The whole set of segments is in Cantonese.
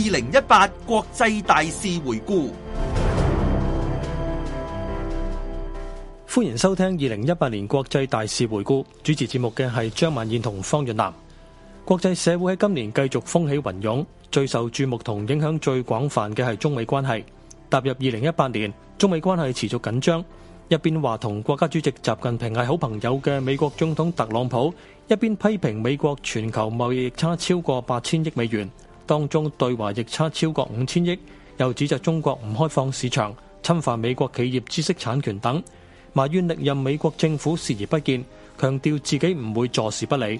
二零一八國際大事回顧，歡迎收聽二零一八年國際大事回顧。主持節目嘅係張萬燕同方潤南。國際社會喺今年繼續風起雲湧，最受注目同影響最廣泛嘅係中美關係。踏入二零一八年，中美關係持續緊張。一邊話同國家主席習近平係好朋友嘅美國總統特朗普，一邊批評美國全球貿易逆差超過八千億美元。當中對華逆差超過五千億，又指責中國唔開放市場、侵犯美國企業知識產權等，埋怨歷任美國政府視而不見，強調自己唔會坐視不理。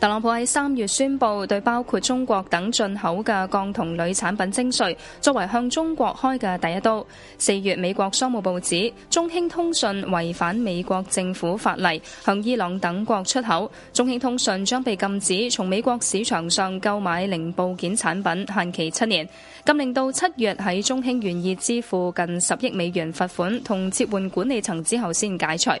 特朗普喺三月宣布對包括中國等進口嘅鋼同鋁產品徵稅，作為向中國開嘅第一刀。四月，美國商務部指中興通訊違反美國政府法例，向伊朗等國出口。中興通訊將被禁止從美國市場上購買零部件產品，限期七年。禁令到七月喺中興願意支付近十億美元罰款同撤換管理層之後先解除。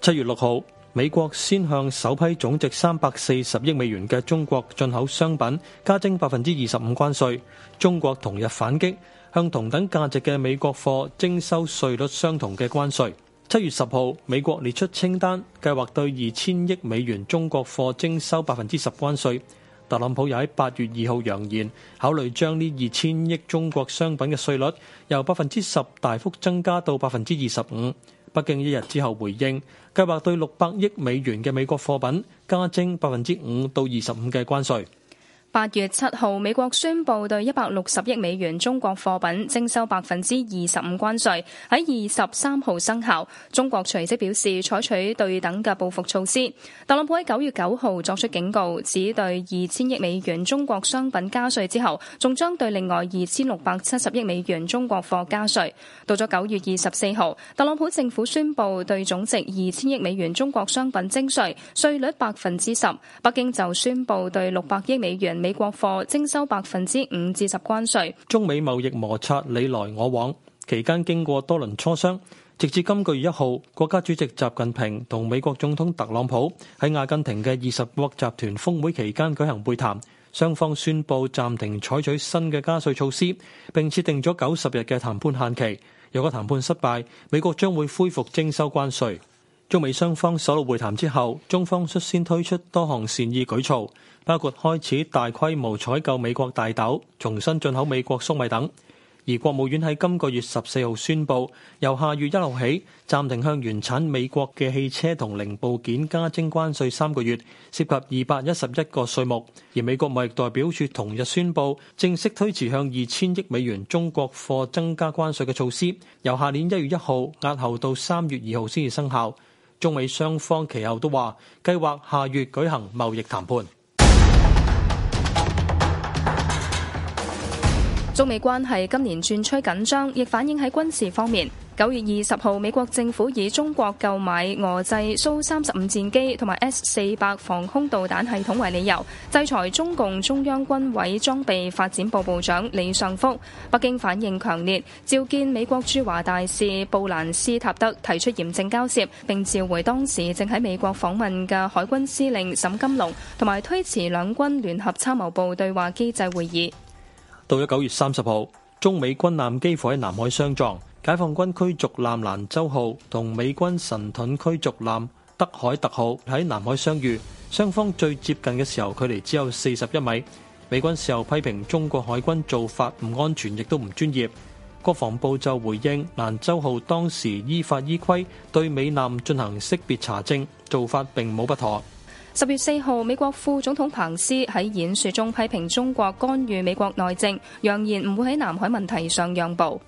七月六號。美國先向首批總值三百四十億美元嘅中國進口商品加徵百分之二十五關稅，中國同日反擊，向同等價值嘅美國貨徵收稅率相同嘅關稅。七月十號，美國列出清單，計劃對二千億美元中國貨徵收百分之十關稅。特朗普又喺八月二號揚言，考慮將呢二千億中國商品嘅稅率由百分之十大幅增加到百分之二十五。北京一日之後回應，計劃對六百億美元嘅美國貨品加徵百分之五到二十五嘅關稅。八月七號，美國宣布對一百六十億美元中國貨品徵收百分之二十五關稅，喺二十三號生效。中國隨即表示採取對等嘅報復措施。特朗普喺九月九號作出警告，指對二千億美元中國商品加稅之後，仲將對另外二千六百七十億美元中國貨加稅。到咗九月二十四號，特朗普政府宣布對總值二千億美元中國商品徵稅，稅率百分之十。北京就宣布對六百億美元美國貨徵收百分之五至十關稅。中美貿易摩擦你來我往期間，經過多輪磋商，直至今個月一號，國家主席習近平同美國總統特朗普喺阿根廷嘅二十國集團峰會期間舉行會談，雙方宣布暫停採取新嘅加稅措施，並設定咗九十日嘅談判限期。如果談判失敗，美國將會恢復徵收關稅。中美雙方首腦會談之後，中方率先推出多項善意舉措，包括開始大規模採購美國大豆、重新進口美國粟米等。而國務院喺今個月十四號宣布，由下月一號起暫停向原產美國嘅汽車同零部件加徵關稅三個月，涉及二百一十一個稅目。而美國貿易代表處同日宣布，正式推遲向二千億美元中國貨增加關稅嘅措施，由下年一月一號押後到三月二號先至生效。中美雙方其後都話計劃下月舉行貿易談判。中美關係今年轉趨緊張，亦反映喺軍事方面。九月二十號，美國政府以中國購買俄製蘇三十五戰機同埋 S 四百防空導彈系統為理由，制裁中共中央軍委裝備發展部部長李尚福。北京反應強烈，召見美國駐華大使布蘭斯塔德，提出嚴正交涉，並召回當時正喺美國訪問嘅海軍司令沈金龍，同埋推遲兩軍聯合參謀部對話機制會議。到咗九月三十號，中美軍艦幾乎喺南海相撞，解放軍驅逐艦蘭州號同美軍神盾驅逐艦德凱特號喺南海相遇，雙方最接近嘅時候距離只有四十一米。美軍事後批評中國海軍做法唔安全，亦都唔專業。國防部就回應，蘭州號當時依法依規對美艦進行識別查證，做法並冇不妥。十月四號，美國副總統彭斯喺演說中批評中國干預美國內政，揚言唔會喺南海問題上讓步。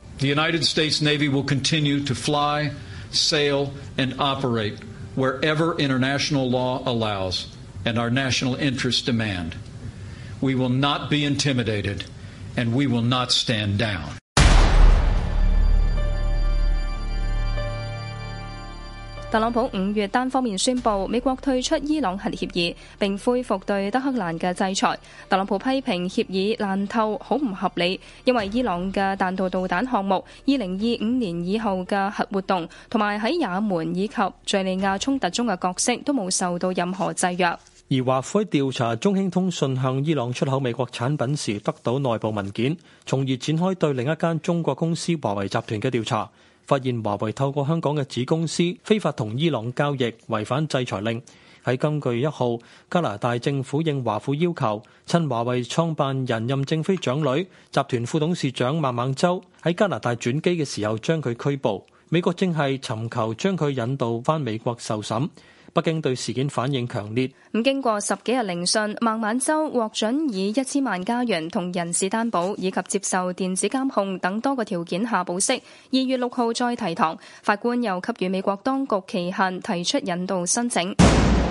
特朗普五月單方面宣布美國退出伊朗核協議，並恢復對德黑蘭嘅制裁。特朗普批評協議爛透，好唔合理，因為伊朗嘅彈道導彈項目、二零二五年以後嘅核活動，同埋喺也門以及敘利亞衝突中嘅角色，都冇受到任何制約。而華府調查中興通訊向伊朗出口美國產品時得到內部文件，從而展開對另一間中國公司華為集團嘅調查。發現華為透過香港嘅子公司非法同伊朗交易，違反制裁令，喺今個月一號加拿大政府應華府要求，趁華為創辦人任正非長女、集團副董事長孟晚舟喺加拿大轉機嘅時候將佢拘捕。美國正係尋求將佢引渡翻美國受審。北京對事件反應強烈。咁經過十幾日聆訊，孟晚舟獲准以一千萬加元同人事擔保，以及接受電子監控等多個條件下保釋。二月六號再提堂，法官又給予美國當局期限提出引渡申請。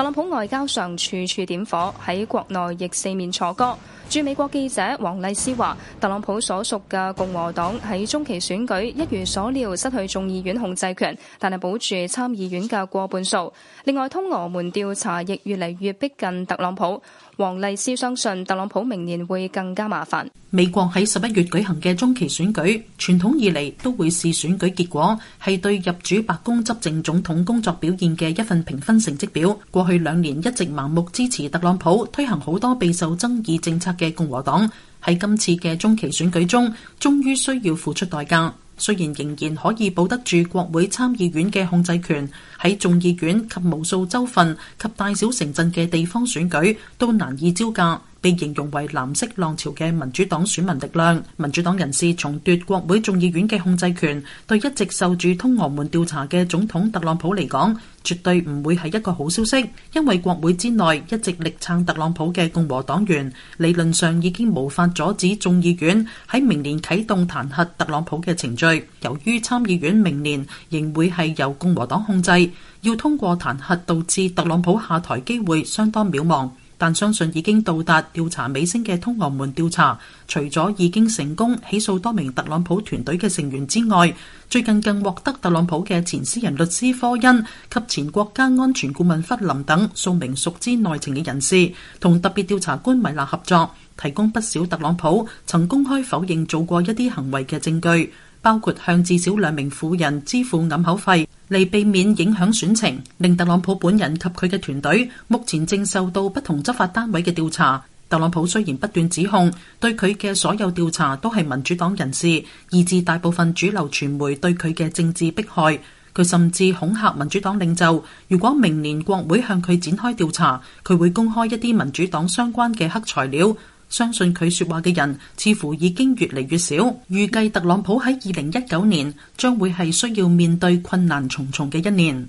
特朗普外交上處處點火，喺國內亦四面楚歌。駐美國記者黃麗詩話：特朗普所屬嘅共和黨喺中期選舉一如所料失去眾議院控制權，但係保住參議院嘅過半數。另外，通俄門調查亦越嚟越逼近特朗普。王麗斯相信特朗普明年會更加麻煩。美國喺十一月舉行嘅中期選舉，傳統以嚟都會視選舉結果係對入主白宮執政總統工作表現嘅一份評分成績表。過去兩年一直盲目支持特朗普推行好多備受爭議政策嘅共和黨，喺今次嘅中期選舉中，終於需要付出代價。雖然仍然可以保得住國會參議院嘅控制權。喺眾議院及無數州份及大小城鎮嘅地方選舉都難以招架，被形容為藍色浪潮嘅民主黨選民力量，民主黨人士重奪國會眾議院嘅控制權，對一直受住通俄門調查嘅總統特朗普嚟講，絕對唔會係一個好消息，因為國會之內一直力撐特朗普嘅共和黨員理論上已經無法阻止眾議院喺明年啟動彈劾特朗普嘅程序。由於參議院明年仍會係由共和黨控制要通過彈劾導致特朗普下台機會相當渺茫，但相信已經到達調查尾聲嘅通俄門調查，除咗已經成功起訴多名特朗普團隊嘅成員之外，最近更獲得特朗普嘅前私人律師科恩及前國家安全顧問弗林等數名熟知內情嘅人士，同特別調查官米納合作，提供不少特朗普曾公開否認做過一啲行為嘅證據。包括向至少兩名婦人支付暗口費，嚟避免影響選情，令特朗普本人及佢嘅團隊目前正受到不同執法單位嘅調查。特朗普雖然不斷指控對佢嘅所有調查都係民主黨人士，以致大部分主流傳媒對佢嘅政治迫害，佢甚至恐嚇民主黨領袖，如果明年國會向佢展開調查，佢會公開一啲民主黨相關嘅黑材料。相信佢説話嘅人似乎已經越嚟越少，預計特朗普喺二零一九年將會係需要面對困難重重嘅一年。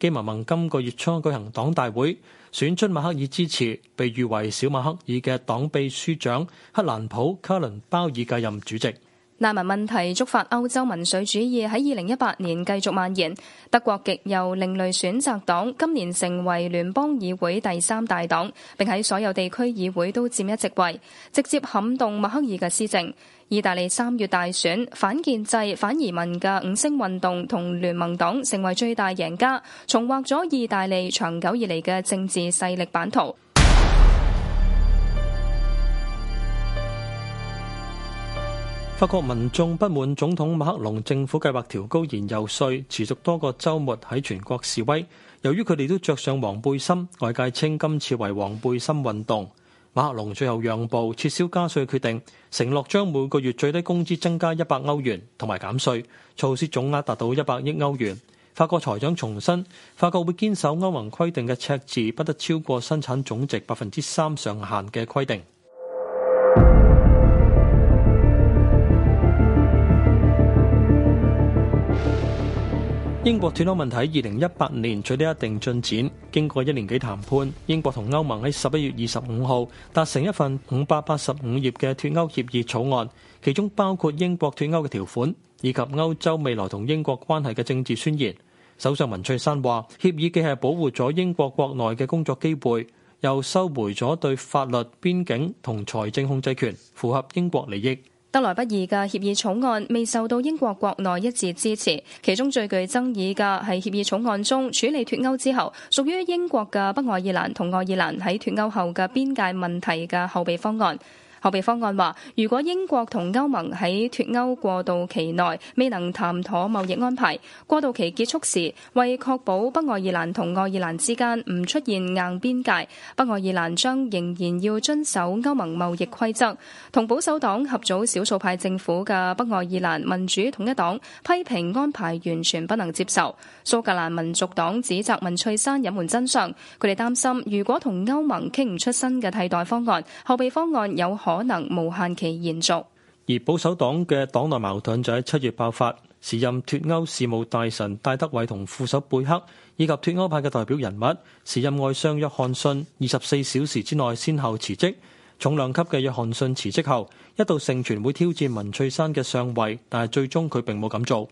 基民盟今個月初舉行黨大會，選出默克爾支持，被譽為小默克爾嘅黨秘書長克蘭普卡倫鮑爾繼任主席。難民問題觸發歐洲民粹主義喺二零一八年繼續蔓延。德國極右另類選擇黨今年成為聯邦議會第三大黨，並喺所有地區議會都佔一席位，直接撼動默克爾嘅施政。意大利三月大選，反建制、反移民嘅五星運動同聯盟黨成為最大贏家，重劃咗意大利長久以嚟嘅政治勢力版圖。法國民眾不滿總統馬克龍政府計劃調高燃油稅，持續多個周末喺全國示威。由於佢哋都着上黃背心，外界稱今次為黃背心運動。馬克龍最後讓步，撤銷加稅決定，承諾將每個月最低工資增加一百歐元同埋減稅，措施總額達到一百億歐元。法國財長重申，法國會堅守歐盟規定嘅赤字不得超過生產總值百分之三上限嘅規定。英國脫歐問題2018年取得一定進展,經過一年幾談判,英國同歐盟喺11月25日,達成一份585頁嘅脫歐協議草案,其中包括英國脫歐嘅條款,以及歐洲未來同英國關係嘅政治宣言。首相文翠珊話,協議既係保護咗英國國內嘅工作機會,又收回咗對法律、邊境同財政控制權,符合英國利益。得來不易嘅協議草案未受到英國國內一致支持，其中最具爭議嘅係協議草案中處理脱歐之後屬於英國嘅北愛爾蘭同愛爾蘭喺脱歐後嘅邊界問題嘅後備方案。後備方案話，如果英國同歐盟喺脱歐過渡期內未能談妥貿易安排，過渡期結束時，為確保北愛爾蘭同愛爾蘭之間唔出現硬邊界，北愛爾蘭將仍然要遵守歐盟貿易規則。同保守黨合組少數派政府嘅北愛爾蘭民主統一黨批評安排完全不能接受，蘇格蘭民族黨指責文翠珊隱瞞真相，佢哋擔心如果同歐盟傾唔出新嘅替代方案，後備方案有可可能無限期延續。而保守黨嘅黨內矛盾就喺七月爆發，時任脱歐事務大臣戴德偉同副手貝克，以及脱歐派嘅代表人物時任外相約翰遜，二十四小時之內先後辭職。重量級嘅約翰遜辭職後，一度盛傳會挑戰文翠山嘅上位，但係最終佢並冇咁做。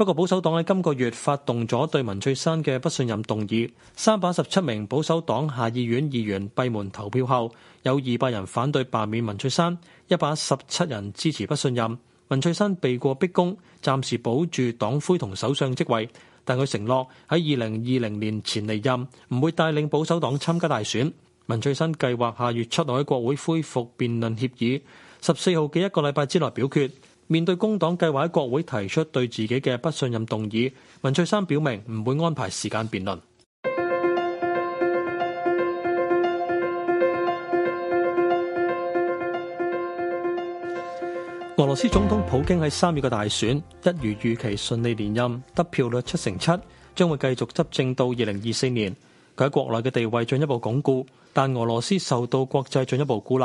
不過保守黨喺今個月發動咗對文翠珊嘅不信任動議，317名保守黨下議院議員閉門投票後，有二百人反對罷免文翠珊，一百一十七人支持不信任。文翠珊避過逼宮，暫時保住黨魁同首相職位，但佢承諾喺二零2020年前離任，唔會帶領保守黨參加大選。文翠珊計劃下月喺國會恢復辯論協議，十四號嘅一個禮拜之內表決。面對工黨計劃喺國會提出對自己嘅不信任動議，文翠珊表明唔會安排時間辯論。俄羅斯總統普京喺三月嘅大選一如預期順利連任，得票率七成七，將會繼續執政到二零二四年，佢喺國內嘅地位進一步鞏固，但俄羅斯受到國際進一步孤立。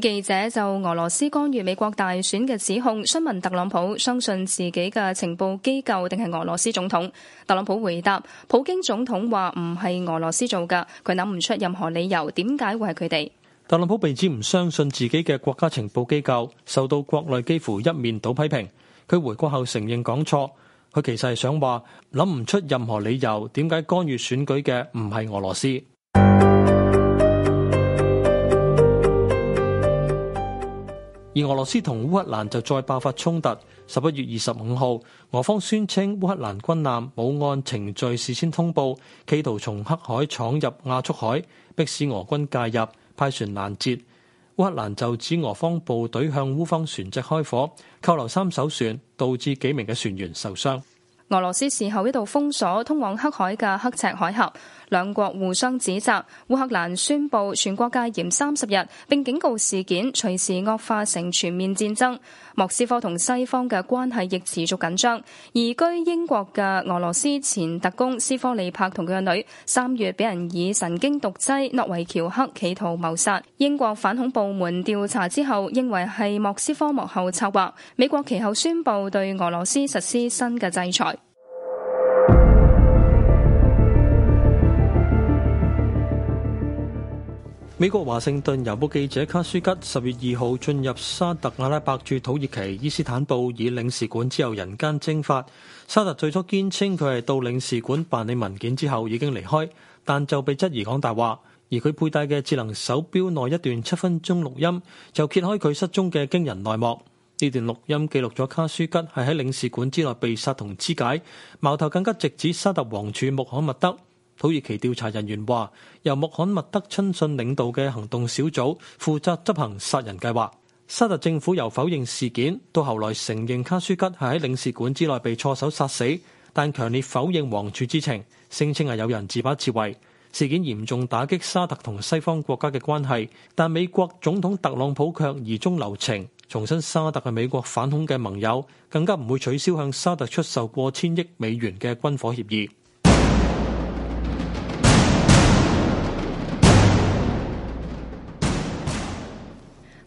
記者就俄羅斯干預美國大選嘅指控，詢問特朗普相信自己嘅情報機構定係俄羅斯總統。特朗普回答，普京總統話唔係俄羅斯做㗎，佢諗唔出任何理由點解會係佢哋。特朗普被指唔相信自己嘅國家情報機構，受到國內幾乎一面倒批評。佢回國後承認講錯，佢其實係想話諗唔出任何理由點解干預選舉嘅唔係俄羅斯。而俄羅斯同烏克蘭就再爆發衝突。十一月二十五號，俄方宣稱烏克蘭軍艦冇按程序事先通報，企圖從黑海闖入亞速海，迫使俄軍介入，派船攔截。烏克蘭就指俄方部隊向烏方船隻開火，扣留三艘船，導致幾名嘅船員受傷。俄羅斯事後一度封鎖通往黑海嘅刻赤海峽。兩國互相指責，烏克蘭宣布全國戒嚴三十日，並警告事件隨時惡化成全面戰爭。莫斯科同西方嘅關係亦持續緊張。移居英國嘅俄羅斯前特工斯科利帕同佢嘅女，三月俾人以神經毒劑諾維喬克企圖謀殺。英國反恐部門調查之後，認為係莫斯科幕後策劃。美國其後宣布對俄羅斯實施新嘅制裁。美國華盛頓郵報記者卡舒吉十月二號進入沙特阿拉伯駐土耳其伊斯坦布爾以領事館之後，人間蒸發。沙特最初堅稱佢係到領事館辦理文件之後已經離開，但就被質疑講大話。而佢佩戴嘅智能手錶內一段七分鐘錄音，就揭開佢失蹤嘅驚人內幕。呢段錄音記錄咗卡舒吉係喺領事館之內被殺同肢解，矛頭更加直指沙特王儲穆罕默德。土耳其調查人員話，由穆罕默德親信領導嘅行動小組負責執行殺人計劃。沙特政府由否認事件，到後來承認卡舒吉係喺領事館之內被錯手殺死，但強烈否認王儲知情，聲稱係有人自把自為。事件嚴重打擊沙特同西方國家嘅關係，但美國總統特朗普卻疑中留情，重申沙特係美國反恐嘅盟友，更加唔會取消向沙特出售過千億美元嘅軍火協議。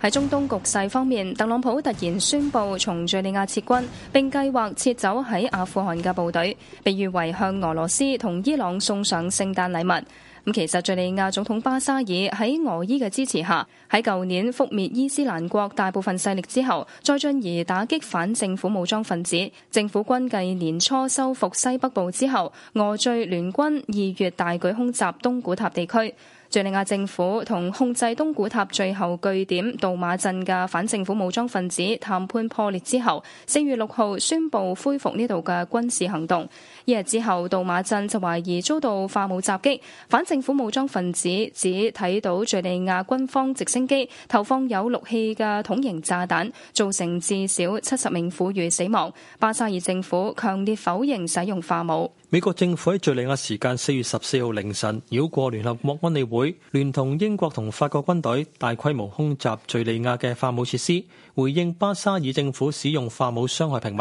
喺中東局勢方面，特朗普突然宣布從敘利亞撤軍，並計劃撤走喺阿富汗嘅部隊，被譽為向俄羅斯同伊朗送上聖誕禮物。咁其實敘利亞總統巴沙爾喺俄伊嘅支持下，喺舊年覆滅伊斯蘭國大部分勢力之後，再進而打擊反政府武裝分子。政府軍繼年初收復西北部之後，俄敘聯軍二月大舉空襲東古塔地區。敘利亞政府同控制東古塔最後據點杜馬鎮嘅反政府武裝分子談判破裂之後，四月六號宣布恢復呢度嘅軍事行動。一日之後，杜馬鎮就懷疑遭到化武襲擊，反政府武裝分子只睇到敘利亞軍方直升機投放有氯氣嘅桶型炸彈，造成至少七十名婦孺死亡。巴沙爾政府強烈否認使用化武。美國政府喺敘利亞時間四月十四號凌晨繞過聯合國安理會，聯同英國同法國軍隊大規模空襲敘利亞嘅化武設施，回應巴沙爾政府使用化武傷害平民。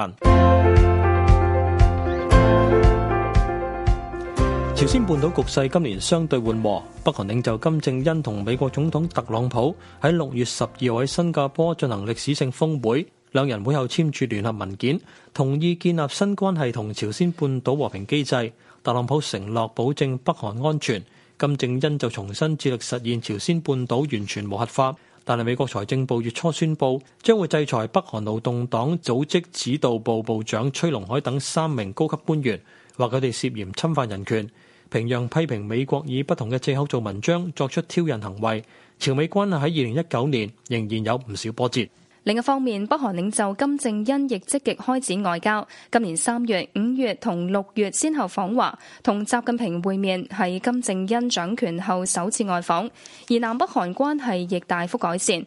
朝鮮半島局勢今年相對緩和，北韓領袖金正恩同美國總統特朗普喺六月十二號喺新加坡進行歷史性峰會。兩人會後簽署聯合文件，同意建立新關係同朝鮮半島和平機制。特朗普承諾保證北韓安全，金正恩就重新致力實現朝鮮半島完全無核化。但係美國財政部月初宣布，將會制裁北韓勞動黨組織指導部部長崔龍海等三名高級官員，話佢哋涉嫌侵犯人權。平壤批評美國以不同嘅藉口做文章，作出挑釁行為。朝美關係喺二零一九年仍然有唔少波折。另一方面，北韓領袖金正恩亦積極開展外交。今年三月、五月同六月，先後訪華，同習近平會面，係金正恩掌權後首次外訪。而南北韓關係亦大幅改善。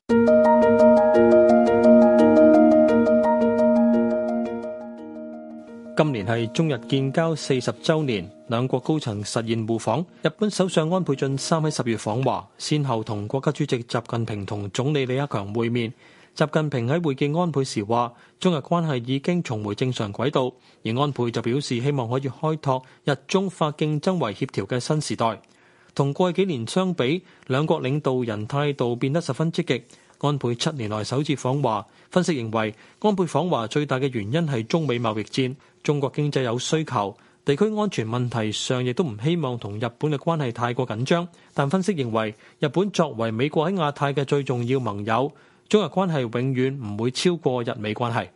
今年係中日建交四十週年，兩國高層實現互訪。日本首相安倍晉三喺十月訪華，先後同國家主席習近平同總理李克強會面。習近平喺會見安倍時話：中日關係已經重回正常軌道，而安倍就表示希望可以開拓日中法競爭為協調嘅新時代。同過去幾年相比，兩國領導人態度變得十分積極。安倍七年來首次訪華，分析認為安倍訪華最大嘅原因係中美貿易戰，中國經濟有需求，地區安全問題上亦都唔希望同日本嘅關係太過緊張。但分析認為，日本作為美國喺亞太嘅最重要盟友。中日關係永遠唔會超過日美關係。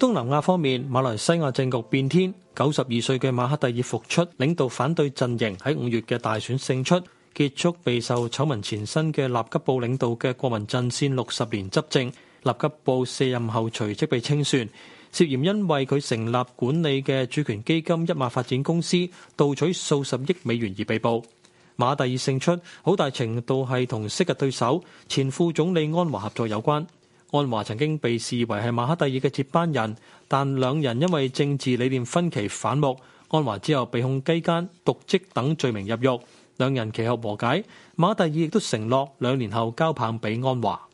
東南亞方面，馬來西亞政局變天，九十二歲嘅馬克蒂爾復出，領導反對陣營喺五月嘅大選勝出，結束備受醜聞纏身嘅納吉布領導嘅國民陣線六十年執政。納吉布卸任後，隨即被清算，涉嫌因為佢成立管理嘅主權基金一馬發展公司盜取數十億美元而被捕。馬蒂爾勝出，好大程度係同昔日對手前副總理安華合作有關。安華曾經被視為係馬哈蒂爾嘅接班人，但兩人因為政治理念分歧反目，安華之後被控雞姦、瀆職等罪名入獄，兩人其後和解，馬蒂爾亦都承諾兩年後交棒俾安華。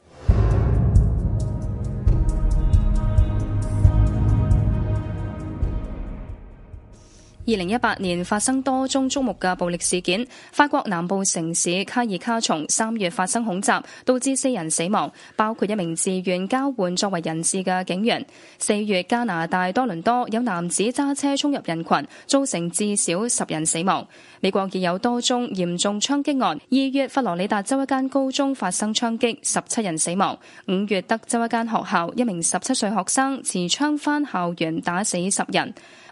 二零一八年發生多宗觸目嘅暴力事件。法國南部城市卡爾卡松三月發生恐襲，導致四人死亡，包括一名自願交換作為人質嘅警員。四月加拿大多倫多有男子揸車衝入人群，造成至少十人死亡。美國亦有多宗嚴重槍擊案。二月佛羅里達州一間高中發生槍擊，十七人死亡。五月德州一間學校一名十七歲學生持槍返校園，打死十人。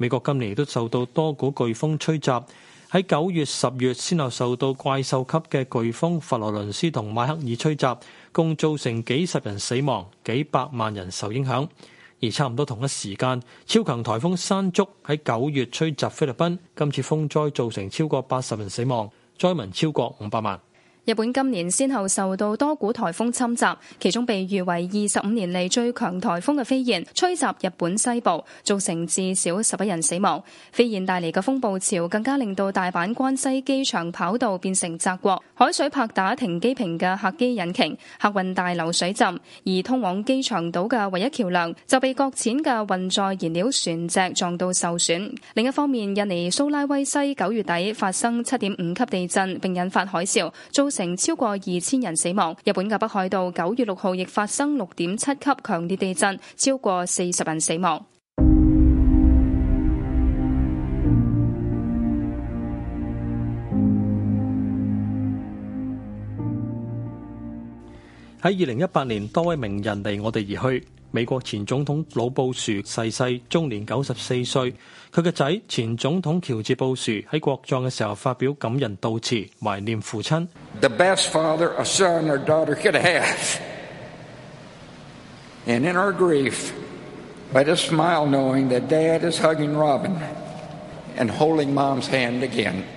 美國今年亦都受到多股颶風吹襲，喺九月、十月先後受到怪獸級嘅颶風佛羅倫斯同麥克爾吹襲，共造成幾十人死亡、幾百萬人受影響。而差唔多同一時間，超強颱風山竹喺九月吹襲菲律賓，今次風災造成超過八十人死亡，災民超過五百萬。日本今年先後受到多股颱風侵襲，其中被譽為二十五年嚟最強颱風嘅飛燕吹襲日本西部，造成至少十一人死亡。飛燕帶嚟嘅風暴潮更加令到大阪關西機場跑道變成澤國，海水拍打停機坪嘅客機引擎，客運大樓水浸，而通往機場島嘅唯一橋梁就被擱淺嘅運載燃料船隻撞到受損。另一方面，印尼蘇拉威西九月底發生七點五級地震，並引發海嘯，造成超過二千人死亡。日本嘅北海道九月六號亦發生六點七級強烈地震，超過四十人死亡。喺二零一八年，多位名人離我哋而去。美國前總統老布殊逝世，終年九十四歲。佢個仔前總統喬治布殊喺國葬嘅時候發表感人悼詞，懷念父親。The best father a son or daughter could have. And in our grief, but a smile knowing that Dad is hugging Robin and holding Mom's hand again.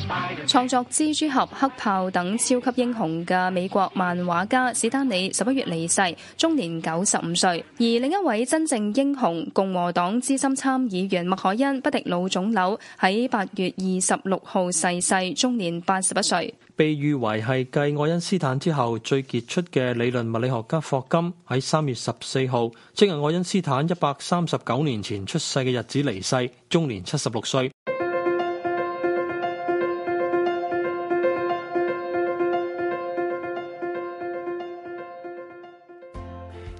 創作蜘蛛俠、黑豹等超級英雄嘅美國漫畫家史丹尼十一月離世，終年九十五歲。而另一位真正英雄、共和黨資深參議員麥凱恩不敵腦腫瘤，喺八月二十六號逝世，終年八十一歲。被譽為係繼愛因斯坦之後最傑出嘅理論物理學家霍金，喺三月十四號，即係愛因斯坦一百三十九年前出世嘅日子離世，終年七十六歲。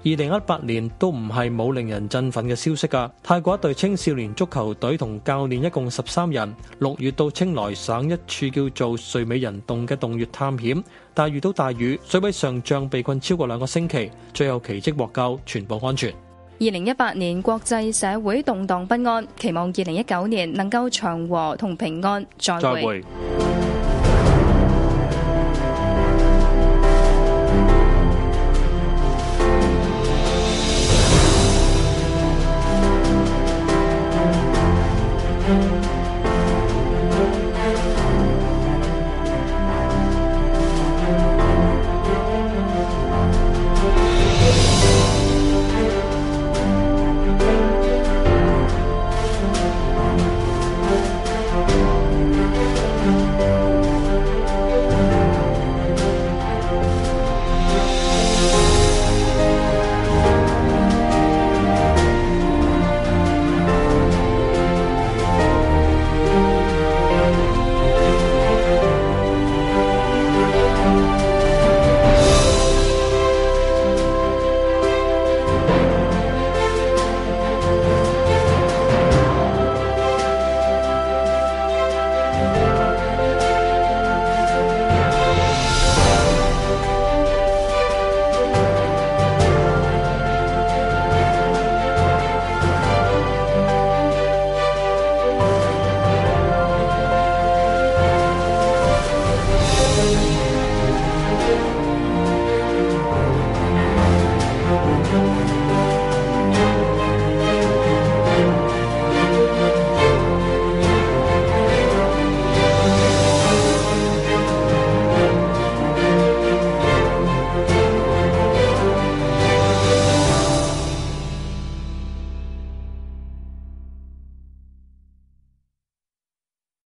2018年,都唔係冇令人振奮嘅消息㗎。泰國一隊青少年足球隊同教練一共13人,六月到清萊省一處叫做睡美人洞嘅洞穴探險。但遇到大雨，水位上漲，被困超過兩個星期，最後奇蹟獲救，全部安全。2018年，國際社會動盪不安,期望2019年能夠祥和同平安。再會。